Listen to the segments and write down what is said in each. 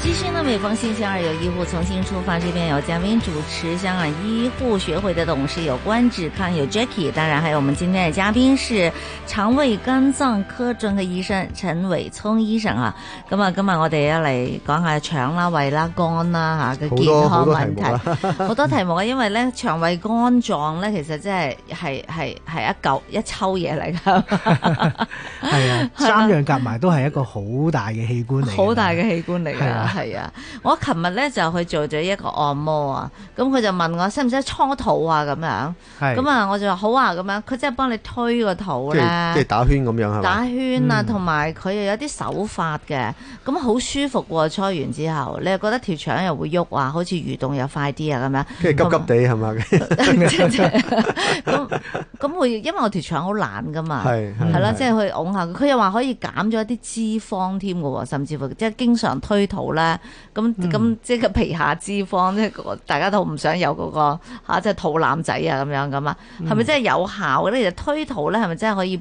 其實呢，每逢星期二有醫護重新出發，這邊有嘉賓主持，香港醫護學會的董事有關志康有 Jackie 當然還有我們今天嘅嘉賓是腸胃肝臟科專科醫生陳偉聰醫生啊。咁啊，今日我哋一嚟講下腸啦、胃啦、肝啦吓嘅健康問題，好多，多題目啊， 題目因為咧腸胃肝臟咧其實真係係係係一嚿一抽嘢嚟噶，係 啊，三樣夾埋都係一個好大嘅器官嚟，好 大嘅器官嚟啊。係啊，我琴日咧就去做咗一個按摩啊，咁佢就問我使唔使搓肚啊咁樣，咁啊我就話好啊咁樣，佢即係幫你推個肚咧，即係打圈咁、嗯、樣係嘛，打圈啊，同埋佢又有啲手法嘅，咁好舒服喎，搓完之後，你又覺得條腸又會喐啊，好似蠕動又快啲啊咁樣，即係急急地係嘛，咁咁我因為我條腸好懶噶嘛，係係啦，即係去㧬下佢，佢又話可以減咗一啲脂肪添噶，甚至乎即係經常推肚。咧咁咁即係個皮下脂肪，即係大家都唔想有嗰個吓，即係肚腩仔啊咁樣咁啊，係咪真係有效嘅咧？其實、嗯、推肚咧，係咪真係可以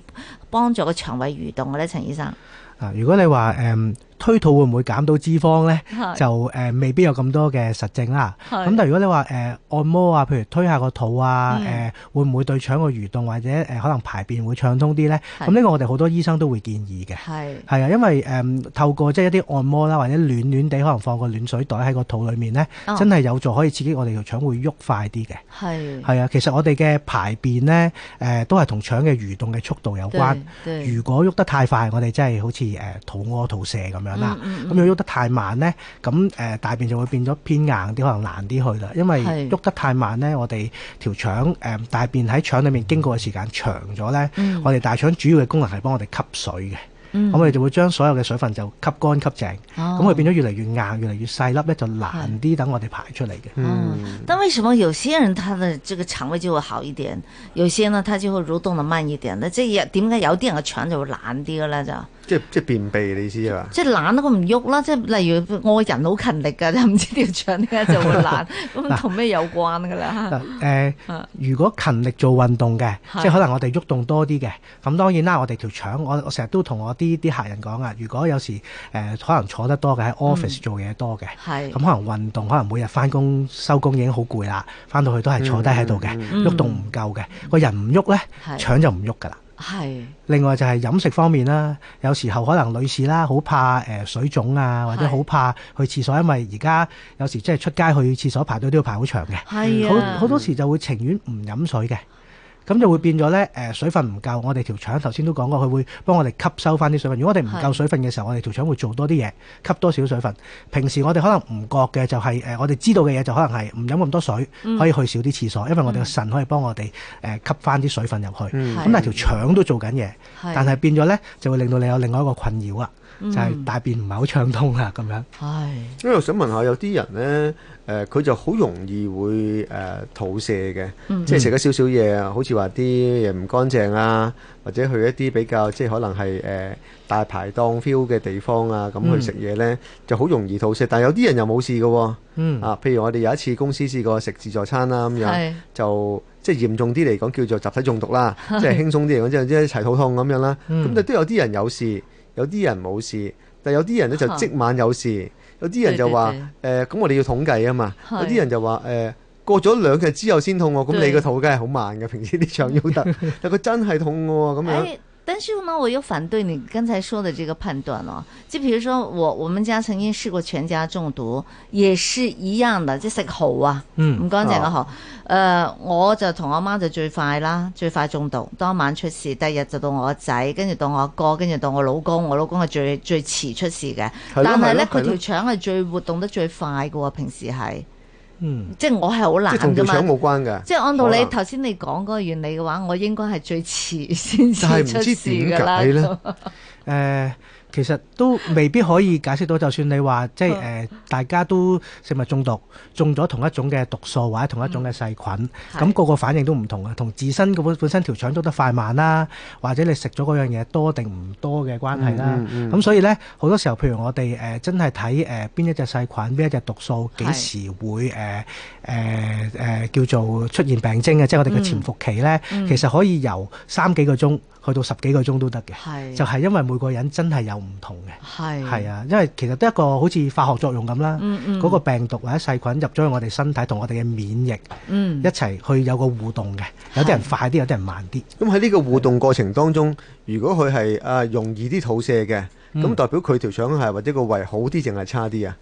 幫助個腸胃蠕動嘅咧？陳醫生。啊，如果你話誒推肚會唔會減到脂肪咧？就誒未必有咁多嘅實證啦。咁但如果你話誒按摩啊，譬如推下個肚啊，誒會唔會對腸嘅蠕動或者誒可能排便會暢通啲咧？咁呢個我哋好多醫生都會建議嘅。係係啊，因為誒透過即係一啲按摩啦，或者暖暖地可能放個暖水袋喺個肚裡面咧，真係有助可以刺激我哋條腸會喐快啲嘅。係係啊，其實我哋嘅排便咧誒都係同腸嘅蠕動嘅速度有關。如果喐得太快，我哋真係好似～誒肚屙肚瀉咁樣啦，咁要喐得太慢咧，咁誒大便就會變咗偏硬啲，可能難啲去啦。因為喐得太慢咧，是我哋條腸誒、呃、大便喺腸裏面經過嘅時間長咗咧，嗯、我哋大腸主要嘅功能係幫我哋吸水嘅。我哋就會將所有嘅水分就吸乾吸淨，咁佢變咗越嚟越硬，越嚟越細粒咧，就難啲等我哋排出嚟嘅。但為什麼有些人他的這個腸胃就會好一點，有些呢他就會蠕動得慢一點？即係點解有啲人嘅腸就會懶啲嘅咧就？即係即係便秘你意思係嘛？即係懶得佢唔喐啦，即係例如我人好勤力㗎，就唔知條腸點解就會懶，咁同咩有關㗎啦？誒，如果勤力做運動嘅，即係可能我哋喐動多啲嘅，咁當然啦，我哋條腸，我我成日都同我啲啲客人講啊，如果有時誒、呃、可能坐得多嘅喺 office 做嘢多嘅，咁、嗯、可能運動可能每日翻工收工已經好攰啦，翻到去都係坐低喺度嘅，喐、嗯嗯、動唔夠嘅，個人唔喐呢，腸、嗯、就唔喐噶啦。係另外就係飲食方面啦，有時候可能女士啦，好怕誒、呃、水腫啊，或者好怕去廁所，是因為而家有時即係出街去廁所排隊都要排好長嘅，好好的、嗯、多時就會情願唔飲水嘅。咁就會變咗咧，誒水分唔夠，我哋條腸頭先都講過，佢會幫我哋吸收翻啲水分。如果我哋唔夠水分嘅時候，是我哋條腸會做多啲嘢，吸多少水分。平時我哋可能唔覺嘅、就係，就係誒我哋知道嘅嘢，就可能係唔飲咁多水，可以去少啲廁所，因為我哋嘅腎可以幫我哋誒吸翻啲水分入去。咁、嗯、但係條腸都做緊嘢，是但係變咗咧，就會令到你有另外一個困擾啊。就係大便唔係好暢通啊，咁樣。係、嗯。咁我又想問下，有啲人呢，誒佢就好容易會誒吐瀉嘅，即係食咗少少嘢啊，好似話啲嘢唔乾淨啊，或者去一啲比較即係、就是、可能係誒、呃、大排檔 feel 嘅地方啊，咁去食嘢呢，就好容易吐瀉。但係有啲人又冇事嘅喎、啊。啊，譬如我哋有一次公司試過食自助餐啦、啊，咁樣是就即係、就是、嚴重啲嚟講叫做集體中毒啦，即係是輕鬆啲嚟講即一、就是、齊肚痛咁樣啦。嗯。咁 都有啲人有事。有啲人冇事，但有啲人咧就即晚有事。啊、有啲人就話：，誒，咁、呃、我哋要統計啊嘛。是有啲人就話：，誒、呃，過咗兩日之後先痛喎。咁對你個肚梗係好慢嘅，平時啲腸腰突， 但佢真係痛喎。咁樣。哎但是呢，我又反對你剛才說的這個判斷咯。即譬如說我，我們家曾經試過全家中毒，也是一樣的，即食蚝啊，唔乾淨嘅蚝。誒、嗯啊呃，我就同阿媽就最快啦，最快中毒，當晚出事，第二日就到我仔，跟住到我阿哥，跟住到我老公，我老公係最最遲出事嘅。的但係咧，佢條腸係最活動得最快嘅喎，啊，平時係。嗯，即係我係好懶噶嘛，即係按道理頭先你講嗰個原理嘅話，我應該係最遲先至出事噶啦。 誒、呃，其實都未必可以解釋到，就算你話即係誒、呃，大家都食物中毒，中咗同一種嘅毒素或者同一種嘅細菌，咁個、嗯、個反應都唔同啊，同自身本本身條腸都得快慢啦，或者你食咗嗰樣嘢多定唔多嘅關係啦。咁、嗯嗯、所以呢，好多時候，譬如我哋誒、呃、真係睇誒邊一隻細菌，邊一隻毒素幾時會誒誒誒叫做出現病徵嘅，即係我哋嘅潛伏期呢、嗯，其實可以由三幾個鐘，去到十幾個鐘都得嘅，是就係因為每個人真係有唔同嘅，係是啊，因為其實都一個好似化學作用咁啦，嗰、嗯嗯、個病毒或者細菌入咗去我哋身體同我哋嘅免疫一齊去有個互動嘅、嗯，有啲人快啲，有啲人慢啲。咁喺呢個互動過程當中，的如果佢係啊容易啲吐瀉嘅，咁、嗯、代表佢條腸係或者個胃好啲淨係差啲啊？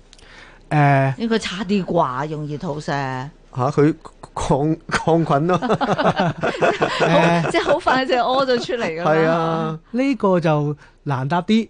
誒、呃，應該差啲啩，容易吐瀉。吓佢抗抗菌咯，即係好快就屙咗出嚟噶係啊，呢 是、啊、 個就。難答啲，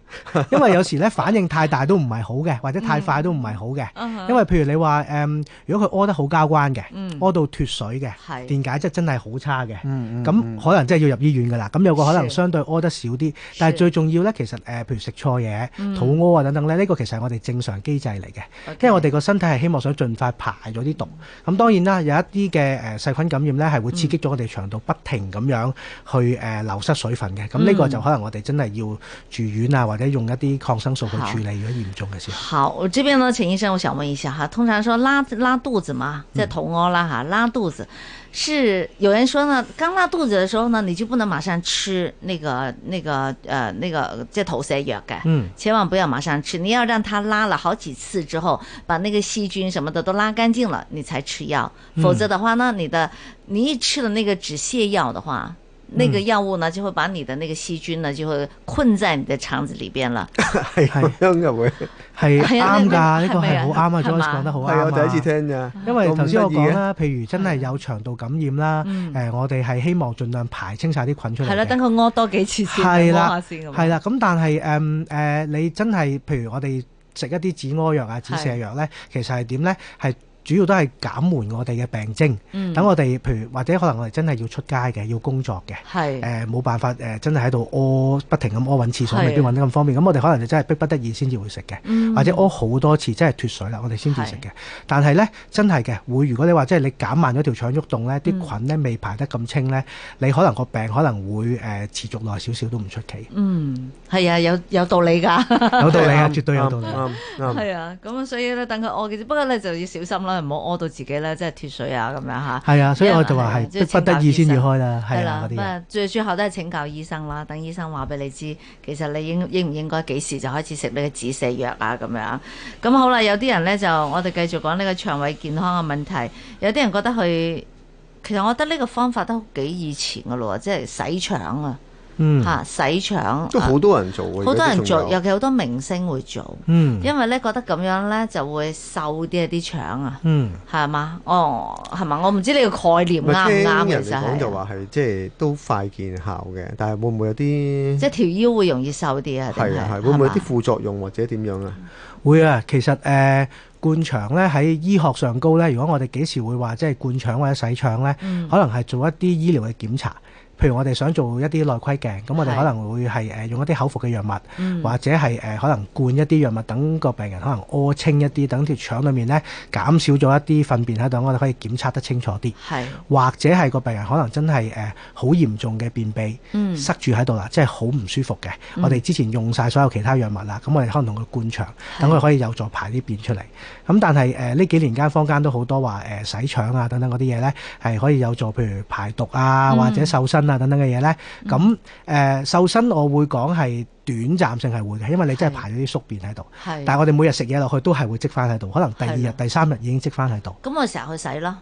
因為有時咧反應太大都唔係好嘅，或者太快都唔係好嘅。嗯、因為譬如你話誒、嗯，如果佢屙得好交關嘅，屙到脫水嘅，是電解質真係好差嘅，咁、嗯嗯、可能真係要入醫院噶啦。咁有個可能相對屙得少啲，是但係最重要咧，其實誒、呃，譬如食錯嘢、肚屙啊等等咧，呢、這個其實係我哋正常機制嚟嘅，嗯、因為我哋個身體係希望想盡快排咗啲毒。咁、嗯、當然啦，有一啲嘅誒細菌感染咧，係會刺激咗我哋腸道不停咁樣去誒流失水分嘅。咁呢、嗯嗯這個就可能我哋真係要。住院啊，或者用一啲抗生素去處理，好如果嚴重嘅時候。好，我這邊呢，陳醫生，我想問一下哈、啊，通常說拉拉肚子嘛，嗯、即係肚屙啦吓，拉肚子，是有人說呢，剛拉肚子的時候呢，你就不能馬上吃那個、那個、呃，那個即係頭塞藥嘅，的嗯，千萬不要馬上吃，你要讓它拉了好幾次之後，把那個細菌什麼的都拉乾淨了，你才吃藥，否則的話呢，你的，你，的你一吃了那個止瀉藥的話。那個藥物呢，就會把你的那個細菌呢，就會困在你的腸子裏邊啦。係係咁又嘅會，係啱噶，呢、這個係好啱啊，莊叔講得好啱，係我第一次聽咋。啊、因為頭先我講啦，譬如真係有腸道感染啦，誒的，我哋係希望盡量排清晒啲菌出嚟。係啦，等佢屙多幾次先，屙下先。係啦，咁但係誒誒，你真係譬如我哋食一啲止屙藥啊、止瀉藥咧，其實係點咧？係。主要都係減緩我哋嘅病徵，等我哋譬如或者可能我哋真係要出街嘅，要工作嘅，誒冇辦法誒真係喺度屙不停咁屙，揾廁所未必揾得咁方便，咁我哋可能就真係逼不得已先至會食嘅，或者屙好多次真係脫水啦，我哋先至食嘅。但係咧真係嘅，會如果你話即係你減慢咗條腸喐動咧，啲菌咧未排得咁清咧，你可能個病可能會誒持續耐少少都唔出奇。嗯，係啊，有有道理㗎，有道理啊，絕對有道理。係啊，咁所以咧等佢屙嘅，不過咧就要小心啦。唔好屙到自己啦，即係脫水啊咁樣吓。係啊，所以我就話係不得已先要開啦，係啦。咁啊，啊最最後都係請教醫生啦，等醫生話俾你知，其實你應應唔應該幾時就開始食呢個止瀉藥啊咁樣。咁好啦，有啲人咧就我哋繼續講呢個腸胃健康嘅問題。有啲人覺得佢，其實我覺得呢個方法都幾以前噶咯，即係洗腸啊。嗯，嚇洗腸，即係好多人做嘅。好多人做，尤其好多明星會做。嗯，因為咧覺得咁樣咧就會瘦啲啊啲腸啊。嗯，係嘛？哦，係嘛？我唔知你個概念啱唔啱其實。講就話係即係都快見效嘅，但係會唔會有啲？即係條腰會容易瘦啲啊？係啊係，會唔會有啲副作用或者點樣啊？會啊，其實誒灌腸咧喺醫學上高咧，如果我哋幾時會話即係灌腸或者洗腸咧，可能係做一啲醫療嘅檢查。譬如我哋想做一啲內窺鏡，咁我哋可能會係誒用一啲口服嘅藥物，的或者係誒可能灌一啲藥物，等個病人可能屙清一啲，等條腸裏面咧減少咗一啲糞便喺度，我哋可以檢測得清楚啲。係的或者係個病人可能真係誒好嚴重嘅便秘，塞住喺度啦，的即係好唔舒服嘅。我哋之前用晒所有其他藥物啦，咁我哋可能同佢灌腸，等佢可以有助排啲便出嚟。咁的但係誒呢幾年間，坊間都好多話誒、呃、洗腸啊等等嗰啲嘢咧，係可以有助譬如排毒啊或者瘦身。啊啊啊，等等嘅嘢咧，咁誒、呃、瘦身，我會講係短暫性係會嘅，因為你真係排咗啲宿便喺度。係的，但係我哋每日食嘢落去都係會積翻喺度，可能第二日、的第三日已經積翻喺度。咁我哋成日去洗咯，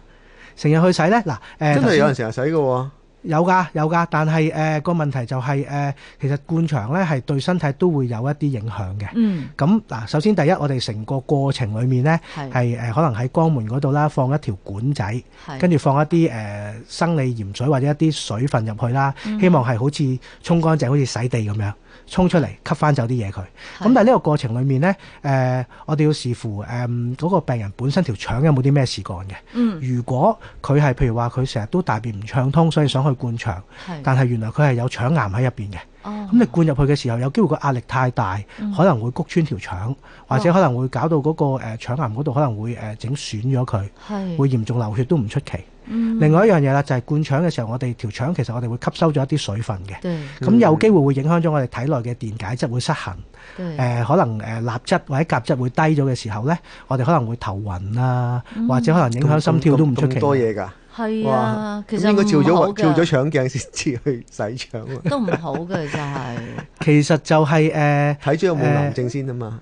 成日去洗咧，嗱誒，呃、真係有人成日洗嘅喎、啊。有㗎有㗎，但係誒、呃、個問題就係、是、誒、呃，其實灌腸咧係對身體都會有一啲影響嘅。嗯，咁嗱，首先第一，我哋成個過程裏面咧，係誒是可能喺肛門嗰度啦，放一條管仔，是跟住放一啲誒、呃、生理鹽水或者一啲水分入去啦，希望係好似沖乾淨，好似、嗯、洗地咁樣。衝出嚟吸翻走啲嘢佢，咁但係呢個過程裏面呢，誒、呃、我哋要視乎誒嗰、呃那個病人本身條腸有冇啲咩事幹嘅。嗯，如果佢係譬如話佢成日都大便唔暢通，所以想去灌腸，是但係原來佢係有腸癌喺入邊嘅。哦，咁你灌入去嘅時候有機會個壓力太大，可能會谷穿條腸，或者可能會搞到嗰個誒腸癌嗰度可能會誒整損咗佢，係是，會嚴重流血都唔出奇。另外一樣嘢啦，就係、是、灌腸嘅時候，我哋條腸其實我哋會吸收咗一啲水分嘅。咁對有機會會影響咗我哋體內嘅電解質會失衡。誒對、呃、可能誒鈉質或者鉀質會低咗嘅時候呢，我哋可能會頭暈啊，嗯、或者可能影響心跳都唔出奇。咁多嘢㗎。係啊，其實應該照咗照咗腸鏡先至去洗腸啊。都唔好嘅就係、是 就是呃呃呃。其實就係誒睇咗有冇癌症先啊嘛。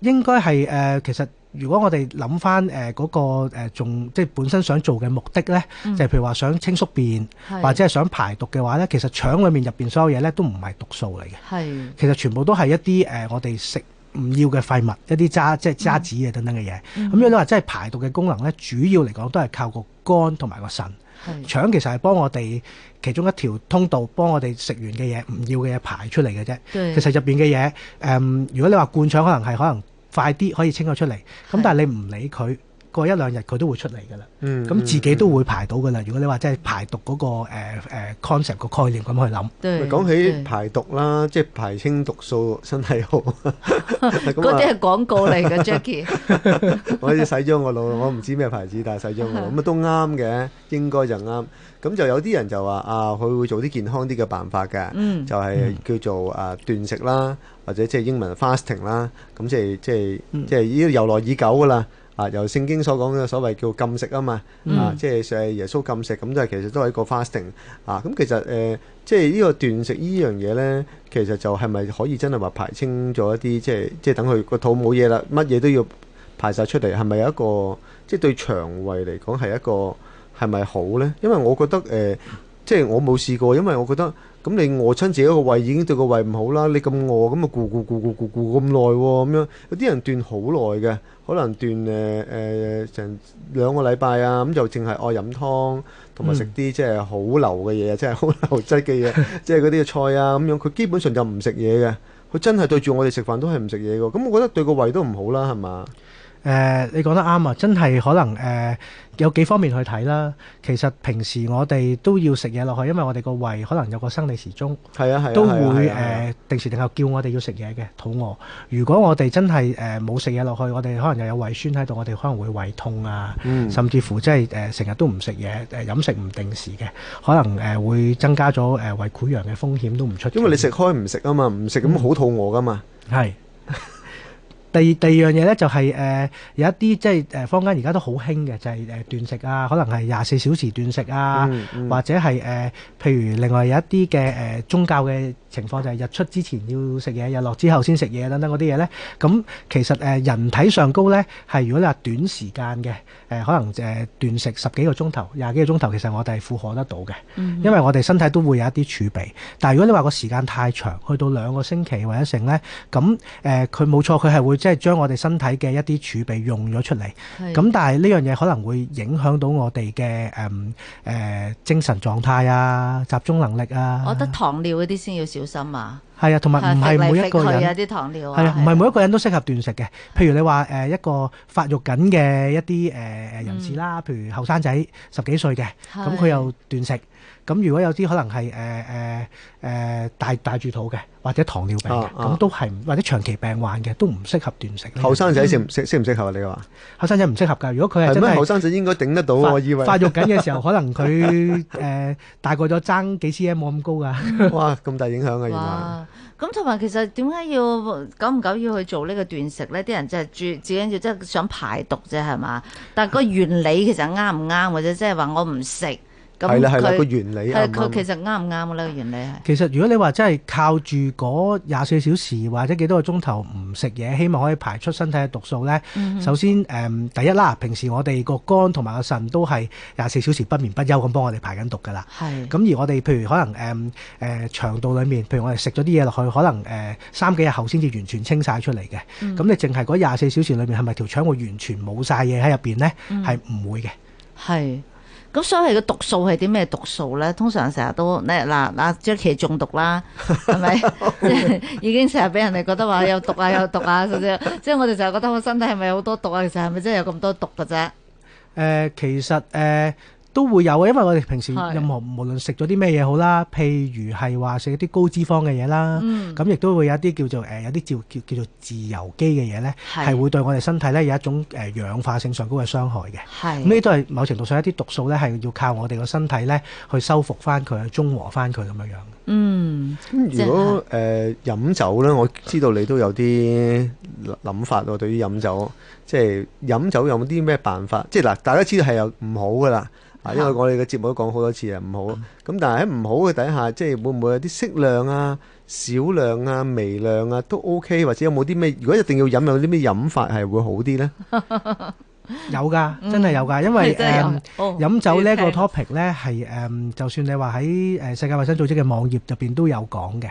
應該係誒其實。如果我哋諗翻誒嗰個誒仲即係本身想做嘅目的咧，就係譬如話想清宿便或者係想排毒嘅話咧，其實腸裏面入邊所有嘢咧都唔係毒素嚟嘅，其實全部都係一啲誒我哋食唔要嘅廢物、一啲渣即係渣子等等嘅嘢。咁樣你話即係排毒嘅功能咧，主要嚟講都係靠個肝同埋個腎。腸其實係幫我哋其中一條通道，幫我哋食完嘅嘢唔要嘅嘢排出嚟嘅啫。其實入邊嘅嘢誒，如果你話灌腸，可能係可能。快啲可以清咗出嚟，咁但係你唔理佢。過一兩日佢都會出嚟㗎啦。嗯，咁自己都會排到㗎啦。如果你話即係排毒嗰個誒誒 concept 個概念咁去諗，講起排毒啦，即係排清毒素，身體好。嗰啲係廣告嚟㗎，Jackie。我已經洗咗我腦，我唔知咩牌子，但係洗咗我腦咁啊，都啱嘅，應該就啱。咁就有啲人就話啊，佢會做啲健康啲嘅辦法嘅，就係叫做啊斷食啦，或者即係英文 fasting 啦，咁即係即係即係已經由來已久㗎啦。啊！由聖經所講嘅所謂叫禁食啊嘛，啊、嗯、啊即係耶穌禁食咁，即、嗯、係其實都係一個 fasting 啊！咁其實誒、呃、即係呢個斷食個呢樣嘢咧，其實就係咪可以真係話排清咗一啲即係即係等佢個肚冇嘢啦，乜嘢都要排晒出嚟，係咪有一個即係對腸胃嚟講係一個係咪好咧？因為我覺得誒、呃、即係我冇試過，因為我覺得。咁你餓親自己個胃已經對個胃唔好啦，你咁餓咁啊咕咕咕咕咕咁耐喎，咁樣有啲人斷好耐嘅，可能斷誒誒成兩個禮拜啊，咁就淨係愛飲湯同埋食啲即係好流嘅嘢， 即係好流質嘅嘢，即係嗰啲菜啊咁樣，佢基本上就唔食嘢嘅，佢真係對住我哋食飯都係唔食嘢嘅，咁我覺得對個胃都唔好啦，係嘛？誒，你講得啱啊！真係可能誒，有幾方面去睇啦。其實平時我哋都要食嘢落去，因為我哋個胃可能有個生理時鐘，係啊係啊，都會誒定時定候叫我哋要食嘢嘅，肚餓。如果我哋真係誒冇食嘢落去，我哋可能又有胃酸喺度，我哋可能會胃痛啊。甚至乎即係誒成日都唔食嘢，誒飲食唔定時嘅，可能誒會增加咗誒胃潰瘍嘅風險都唔出。因為你食開唔食啊嘛，唔食咁好肚餓㗎嘛。係。第第二樣嘢咧，就係、是、誒、呃、有一啲即係誒坊間而家都好興嘅，就係、是、誒、呃、斷食啊，可能係廿四小時斷食啊，或者係誒、呃、譬如另外有一啲嘅誒宗教嘅情況，就係、是、日出之前要食嘢，日落之後先食嘢等等嗰啲嘢咧。咁其實誒人體上高咧，係如果你話短時間嘅誒，可能誒斷食十幾個鐘頭、廿幾個鐘頭，其實我哋係負荷得到嘅，嗯、因為我哋身體都會有一啲儲備。但係如果你話個時間太長，去到兩個星期或者成咧，咁誒佢冇錯，佢、呃、係、呃、會。即係將我哋身體嘅一啲儲備用咗出嚟，咁的但係呢樣嘢可能會影響到我哋嘅誒誒精神狀態啊、集中能力啊。我覺得糖尿嗰啲先要小心啊。係啊，同埋唔係每一個人。啲糖尿係啊，唔係每一個人都適合斷食嘅。的譬如你話誒一個發育緊嘅一啲誒誒人士啦，嗯、譬如後生仔十幾歲嘅，咁佢又斷食。咁如果有啲可能係誒誒誒帶帶住肚嘅，或者糖尿病嘅，咁、啊、都係，或者長期病患嘅都唔適合斷食。後、嗯、生仔適適適唔適合啊？嗯、你話說後生仔唔適合㗎。如果佢係點解後生仔應該頂得到？發我以為發育緊嘅時候，可能佢誒、 呃、大過咗爭幾 cm 冇咁高㗎。哇！咁大影響啊！哇！ 原來。咁同埋其實點解要久唔久要去做呢個斷食呢？啲人就係住，最緊要即係想排毒啫，係嘛？但個原理其實啱唔啱或者即係話我唔食。係啦，係啦，個原理係。佢其實啱唔啱咧？個原理係。其實如果你話真係靠住嗰廿四小時或者幾多個鐘頭唔食嘢，希望可以排出身體嘅毒素咧，mm hmm. 首先誒、嗯、第一啦，平時我哋個肝同埋個腎都係廿四小時不眠不休咁幫我哋排緊毒㗎啦。係是。咁而我哋譬如可能誒誒、嗯呃、腸道裡面，譬如我哋食咗啲嘢落去，可能誒、呃、三幾日後先至完全清晒出嚟嘅。咁、mm hmm. 你淨係嗰廿四小時裏面係咪條腸會完全冇晒嘢喺入邊咧？係唔、mm hmm. 會嘅。係、mm。Hmm. 咁所謂嘅毒素係啲咩毒素咧？通常成日都咧嗱嗱即係中毒啦，係咪？ 已經成日俾人哋覺得話有毒啊有毒啊，少少。即係我哋就係覺得我身體係咪好多毒啊？其實係咪真係有咁多毒㗎啫？誒、呃，其實誒。呃都會有啊，因為我哋平時任何是無論食咗啲咩嘢好啦，譬如係話食一啲高脂肪嘅嘢啦，咁亦都會有一啲叫做誒有啲叫叫叫做自由基嘅嘢咧，係是會對我哋身體咧有一種誒氧化性上高嘅傷害嘅。係呢是都係某程度上一啲毒素咧，係要靠我哋個身體咧去修復翻佢，去中和翻佢咁樣樣。嗯，如果誒飲、呃、酒咧，我知道你都有啲諗法喎、啊，對於飲酒，即係飲酒有冇啲咩辦法？即係嗱，大家知道係有唔好㗎啦。啊，因為我哋嘅節目都講好多次啊，唔好。咁、嗯、但係喺唔好嘅底下，即係會唔會有啲適量啊、少量啊、微量啊都 OK，或者有冇啲咩？如果一定要飲，有啲咩飲法係會好啲呢？ 有㗎，真係有㗎，因為誒、嗯 oh，飲酒呢個 topic 呢，係誒、嗯 um，就算你話喺誒世界衞生組織嘅網頁入邊都有講嘅。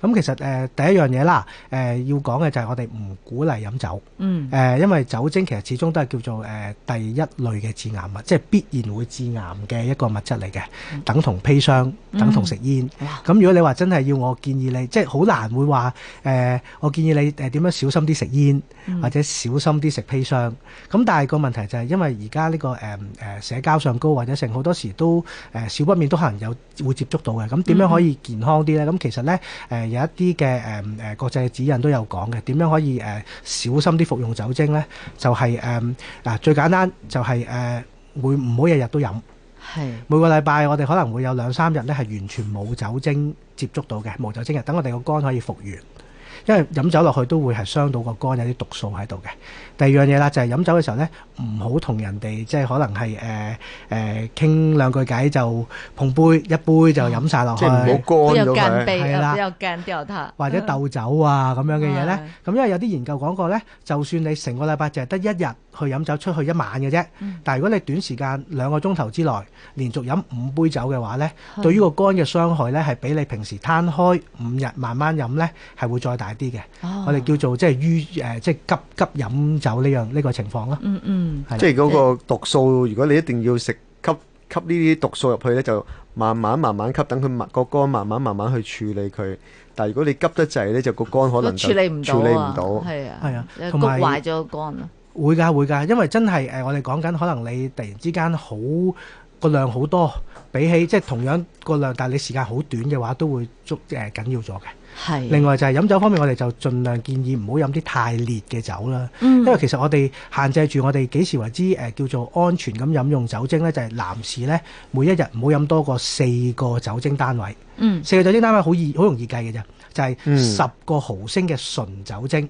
咁係其實誒、呃、第一樣嘢啦，誒、呃、要講嘅就係我哋唔鼓勵飲酒。嗯。誒、呃，因為酒精其實始終都係叫做誒、呃、第一類嘅致癌物，即係必然會致癌嘅一個物質嚟嘅，嗯、等同砒霜，等同食煙。咁、嗯嗯、如果你話真係要我建議你，即係好難會話誒、呃，我建議你誒點樣小心啲食煙，或者小心啲食砒霜。咁但係。個問題就係因為而家呢個誒誒、嗯、社交上高或者成好多時都誒少不免都可能有會接觸到嘅，咁點樣可以健康啲咧？咁其實咧誒、呃、有一啲嘅誒誒國際指引都有講嘅，點樣可以誒、呃、小心啲服用酒精咧？就係誒，嗱，最簡單就係誒會唔好日日都飲，係是每個禮拜我哋可能會有兩三日咧係完全冇酒精接觸到嘅冇酒精日，等我哋個肝可以復原。因為飲酒落去都會係傷到個肝，有啲毒素喺度嘅。第二樣嘢啦，就係飲酒嘅時候咧，唔好同人哋即係可能係誒誒傾兩句偈就碰杯一杯就飲晒落去，即係唔好乾咁樣。又乾鼻啦，又乾掉佢。或者鬥酒啊咁樣嘅嘢咧，咁因為有啲研究講過咧，就算你成個禮拜就係得一日去飲酒出去一晚嘅啫，但係如果你短時間兩個鐘頭之內連續飲五杯酒嘅話咧，對於個肝嘅傷害咧係比你平時攤開五日慢慢飲咧係會再大。啲嘅，我哋叫做即係於誒，即係急急飲酒呢樣呢個情況咯。嗯嗯，即係嗰個毒素，如果你一定要食吸吸呢啲毒素入去咧，就慢慢慢慢吸，等佢個肝慢慢慢慢去處理佢。但係如果你急得滯咧，就個肝可能處理唔到，處理唔到，係啊，係啊，同埋壞咗個肝啊。會㗎，會㗎，因為真係誒，我哋講緊可能你突然之間好個量好多，比起即係同樣個量，但係你時間好短嘅話，都會捉誒緊要咗嘅。是另外就係飲酒方面，我哋就盡量建議唔好飲啲太烈嘅酒啦。嗯、因為其實我哋限制住我哋幾時為之誒、呃、叫做安全咁飲用酒精呢就係、是、男士呢，每一日唔好飲多過四個酒精單位。嗯、四個酒精單位好易好容易計嘅咋，就係、是、十個毫升嘅純酒精。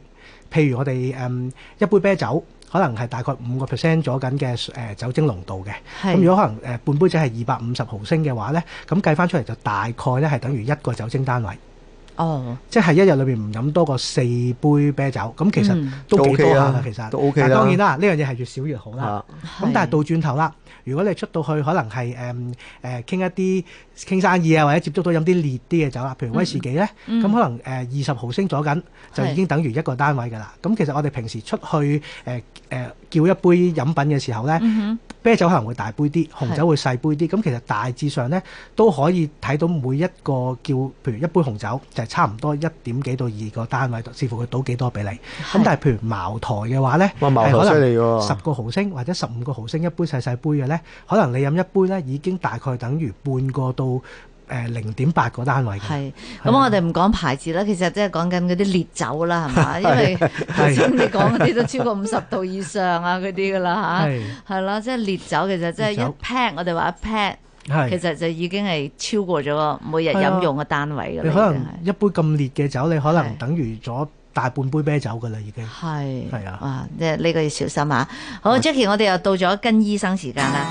譬如我哋誒、嗯、一杯啤酒，可能係大概五個 percent 左緊嘅誒酒精濃度嘅。咁是如果可能誒半杯酒係二百五十毫升嘅話呢，咁計翻出嚟就大概呢係等於一個酒精單位。哦，即係一日裏邊唔飲多過四杯啤酒，咁、嗯、其實都 OK 啦，其實都 OK 啦。當然啦，呢樣嘢係越少越好啦。咁但係倒轉頭啦，如果你出到去可能係誒誒傾一啲傾生意啊，或者接觸到飲啲烈啲嘅酒啦，譬如威士忌呢，咁可能誒二十毫升左緊就已經等於一個單位㗎啦。咁是是其實我哋平時出去誒誒。呃呃呃呃呃叫一杯飲品嘅時候呢，嗯、哼啤酒可能會大杯啲，紅酒會細杯啲。咁是其實大致上呢，都可以睇到每一個叫，譬如一杯紅酒就係、是、差唔多一點幾到二個單位，似乎視乎佢倒幾多俾你。咁是但係譬如茅台嘅話呢，係、啊呃、可能十個毫升或者十五個毫升一杯細細杯嘅呢，可能你飲一杯呢已經大概等於半個到誒零點八個單位嘅，係，咁我哋唔講牌子啦，其實即係講緊嗰啲烈酒啦，係嘛？ 因為頭先你講嗰啲都超過五十度以上啊，嗰啲噶啦嚇，係啦，即係烈酒其實即係一 pack< 酒>我哋話一 pack< 的>其實就已經係超過咗每日飲用嘅單位嘅。你可能一杯咁烈嘅酒，你可能等於咗大半杯啤酒嘅啦，已經係係啊，即係呢個要小心嚇、啊。好的，Jackie，我哋又到咗跟醫生時間啦。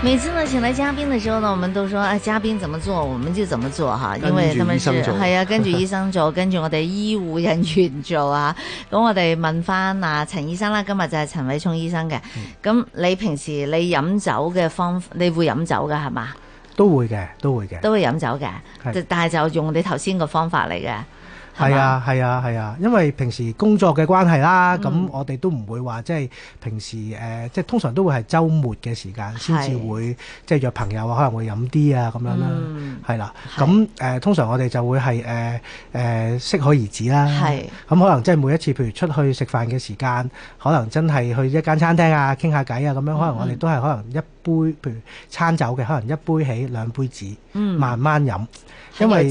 每次呢請嚟嘉賓嘅時候呢，我們都說啊、哎，嘉賓怎麼做我們就怎麼做哈、啊，因為他們是係要跟住醫生做，跟住 我哋醫護人員做啊。咁我哋問翻啊陳醫生啦，今日就係陳偉聰醫生嘅。咁你平時你飲酒嘅方法，你會飲酒噶係嘛？都會嘅，都會嘅，都會飲酒嘅，的但係就用我哋頭先個方法嚟嘅。係啊，係啊，係啊，因為平時工作嘅關係啦，咁、嗯、我哋都唔會話即係平時誒，即、呃、係通常都會係週末嘅時間先至會是即係約朋友啊，可能會飲啲啊咁樣、嗯、啦，係啦是，咁誒、嗯、通常我哋就會係誒誒適可而止啦，咁是可能即係每一次譬如出去食飯嘅時間，可能真係去一間餐廳啊傾下偈啊咁樣，可能我哋都係可能一，嗯杯，譬如餐酒嘅，可能一杯起，兩杯止慢慢飲，嗯、因為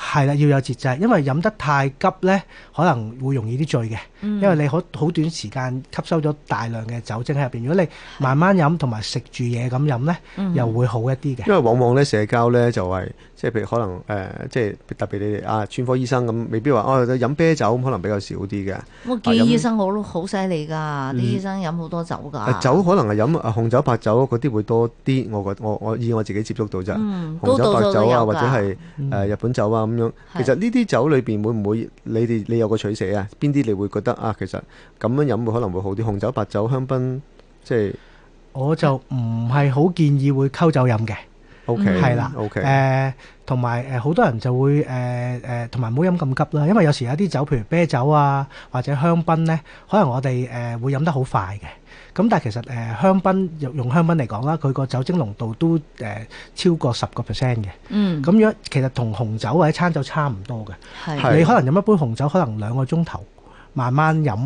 係啦，要有節制，因為飲得太急咧，可能會容易啲醉嘅。因為你好好短時間吸收咗大量嘅酒精喺入邊，如果你慢慢飲同埋食住嘢咁飲咧，又會好一啲嘅。因為往往咧社交咧就係即係譬如可能誒，即係特別你哋啊，專科醫生咁，未必話哦飲啤酒咁，可能比較少啲嘅。我見醫生我都好犀利㗎，啲醫生飲好多酒㗎。酒可能係飲啊紅酒白酒嗰啲會多啲，我覺我我以我自己接觸到啫紅酒白酒啊，或者係誒日本酒啊咁樣。其實呢啲酒裏邊會唔會你哋你有個取捨啊？邊啲你會覺得？得啊，其實咁樣飲會可能會好啲。紅酒、白酒、香檳，即係我就唔係好建議會溝酒飲嘅。O K 係啦。O K 誒，同埋誒，好多人就會誒誒，同埋唔好飲咁急啦。因為有時有啲酒，譬如啤酒啊，或者香檳咧，可能我哋誒會飲得好快嘅。咁但係其實誒香檳用用香檳嚟講啦，佢個酒精濃度都誒超過十個 percent 嘅。嗯，咁樣其實同紅酒或者餐酒差唔多嘅。係，你可能飲一杯紅酒，可能兩個鐘頭。慢慢飲，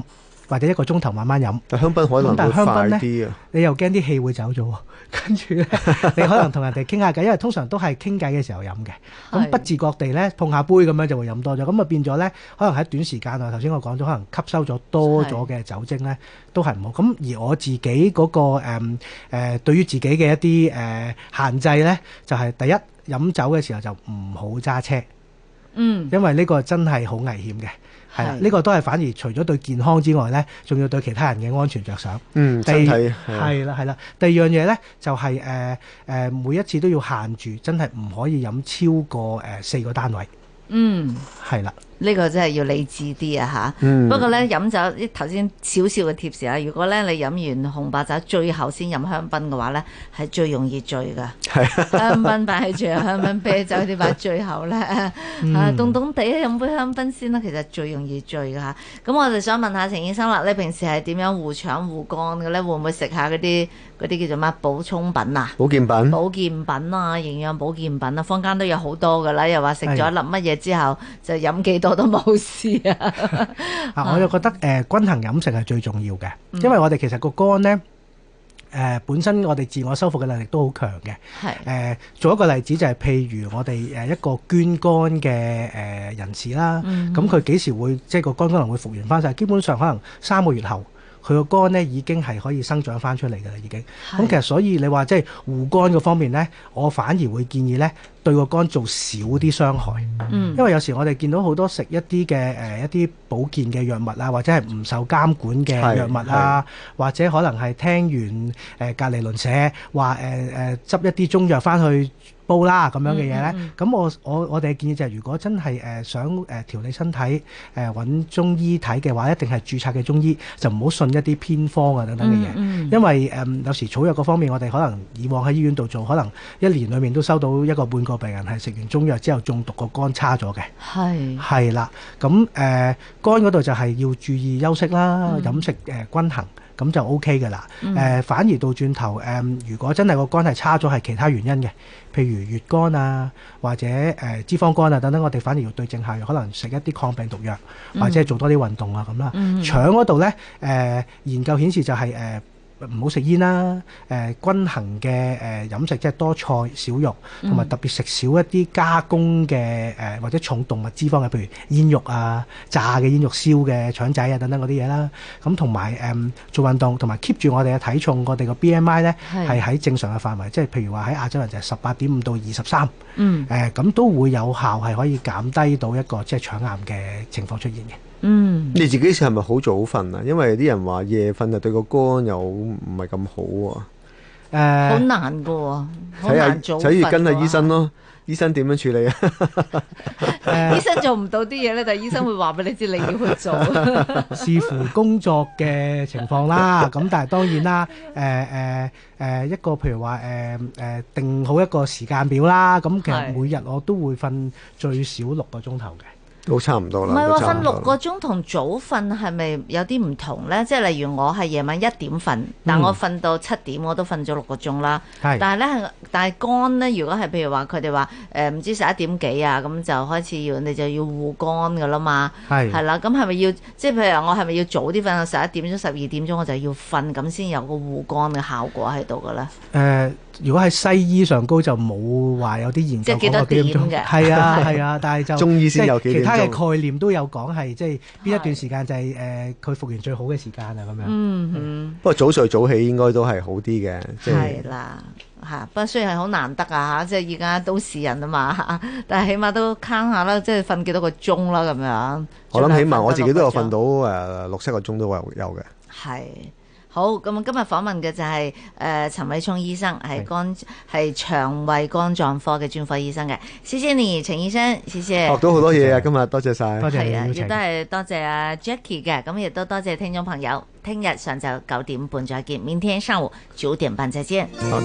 或者一個鐘頭慢慢飲。但香檳可能會快啲啊！ 你又驚啲氣會走咗喎，跟 住呢，你可能同人哋傾下偈，因為通常都係傾偈嘅時候飲嘅。咁是不自覺地呢，碰下杯咁樣就會飲多咗，咁啊變咗呢，可能喺短時間內，頭先我講咗，可能吸收咗多咗嘅酒精呢，都係唔好。咁是而我自己嗰、那個誒誒、嗯呃、對於自己嘅一啲誒限制呢，就係、是、第一飲酒嘅時候就唔好揸車，嗯，因為呢個真係好危險嘅。係，呢個都係反而除咗對健康之外咧，仲要對其他人嘅安全着想。嗯，第、身體係啦係啦，第二樣嘢咧，就係誒誒，每一次都要限住，真係唔可以飲超過誒、呃、四個單位。嗯，係啦。呢個真係要理智啲啊嚇！嗯、不過咧飲酒，啲頭先少少嘅貼士啊。如果咧你飲完紅白酒，最後先飲香檳嘅話咧，係最容易醉㗎。香檳擺喺最後，香檳啤酒啲擺最後咧， 啊凍凍地飲杯香檳先啦、啊。其實最容易醉㗎嚇、啊。咁我就想問下陳醫生啦，你平時係點樣護腸護肝嘅咧？會唔會食下嗰啲啲叫做咩補充品啊？保健品。保健品啊，營養保健品啊，坊間都有好多㗎啦。又話食咗粒乜嘢之後就飲幾多。 我都冇事啊！我又覺得誒、呃、均衡飲食係最重要嘅，因為我哋其實個肝咧誒、呃、本身我哋自我修復嘅能力都好強嘅。係誒是、呃、做一個例子就係、是、譬如我哋誒一個捐肝嘅誒人士啦，咁佢幾時會即係個肝可能會復原翻晒？基本上可能三個月後，佢個肝咧已經係可以生長翻出嚟㗎喇。已經咁是，其實所以你話即係護肝嘅方面咧，我反而會建議咧。對個肝做少啲傷害，嗯、因為有時我哋見到好多食一啲嘅誒一啲保健嘅藥物啊，或者係唔受監管嘅藥物啊，或者可能係聽完誒、呃、隔離鄰舍話誒誒執一啲中藥返去煲啦咁樣嘅嘢咧。咁、嗯嗯嗯、我我我哋嘅建議就係、是，如果真係誒、呃、想誒調理身體誒揾、呃、中醫睇嘅話，一定係註冊嘅中醫，就唔好信一啲偏方啊等等嘅嘢。嗯嗯嗯、因為誒、呃、有時草藥嗰方面，我哋可能以往喺醫院度做，可能一年裡面都收到一個半個。個病人係食完中藥之後中毒個肝差咗嘅，係係啦，咁誒、嗯、肝嗰度就係要注意休息啦，飲、嗯、食誒均衡，咁就 O K 噶啦。誒、嗯、反而倒轉頭，誒、嗯、如果真係個肝係差咗，係其他原因嘅，譬如乙肝啊，或者誒脂肪肝啊等等，我哋反而要對症下藥，可能食一啲抗病毒藥，嗯、或者做多啲運動啊咁啦。腸嗰度咧，誒、嗯呃、研究顯示就係、是、誒。呃唔好食煙啦、啊，誒、呃、均衡嘅誒、呃、飲食，即係多菜少肉，同埋特別食少一啲加工嘅誒、呃、或者重動物脂肪嘅，譬如煙肉啊、炸嘅煙肉燒、燒嘅腸仔啊等等嗰啲嘢啦。咁同埋誒做運動，同埋 keep 住我哋嘅體重，我哋個 BMI 咧係喺正常嘅範圍，即係譬如話喺亞洲人就係十八點五到二十三。嗯。誒咁、呃、都會有效係可以減低到一個即係腸癌嘅情況出現嘅。嗯。你自己是係咪好早瞓啊？因為啲人話夜瞓啊，對個肝又唔係咁好喎。誒、啊，好難噶，好難早、啊。睇下跟下醫生咯、啊，嗯、醫生點樣處理啊？ 呃、醫生做唔到啲嘢咧，但係醫生會話俾你知你要去做。 視乎工作嘅情況啦，咁 但係當然啦，誒誒誒，一個譬如話誒誒，定好一個時間表啦。咁其實每日我都會瞓最少六個鐘頭嘅。都差唔多啦。唔係喎，瞓六個鐘同早瞓係咪有啲唔同咧？即係例如我係夜晚一點瞓，嗯、但我瞓到七點，我都瞓咗六個鐘啦。是但係咧，但係肝咧，如果係譬如話佢哋話，誒、呃，唔知十一點幾啊，咁就開始要你就要護肝噶啦嘛。係是，係啦，咁係咪要？即係譬如我係咪要早啲瞓到十一點鐘、十二點鐘我就要瞓，咁先有個護肝嘅效果喺度噶咧？誒、呃。如果喺西醫上高就冇話有啲研究講幾點嘅，係啊係啊，啊 但係就中醫先有幾點。其他嘅概念都有講，係即係邊一段時間就係誒佢復原最好嘅時間啊咁樣。嗯哼。嗯嗯，不過早睡早起應該都係好啲嘅。即、就、係、係、啦，嚇！不過雖然係好難得啊嚇，即係而家都市人啊嘛，但係起碼都 count 下啦，即係瞓幾多個鐘啦咁樣。我諗起碼我自己都有瞓到誒六七個鐘都有有嘅。係。好，咁、嗯、今日訪問嘅就係、是、誒、呃、陳偉聰醫生，係肝係是腸胃肝臟科嘅專科醫生嘅。謝謝你，陳醫生，謝謝。學到好多嘢謝啊！今日多謝晒、啊！多、嗯、謝。啊，亦都係多謝阿 Jackie 嘅。咁亦都多謝聽眾朋友。聽日上晝九點半再見。明天上午九點半再見。嗯。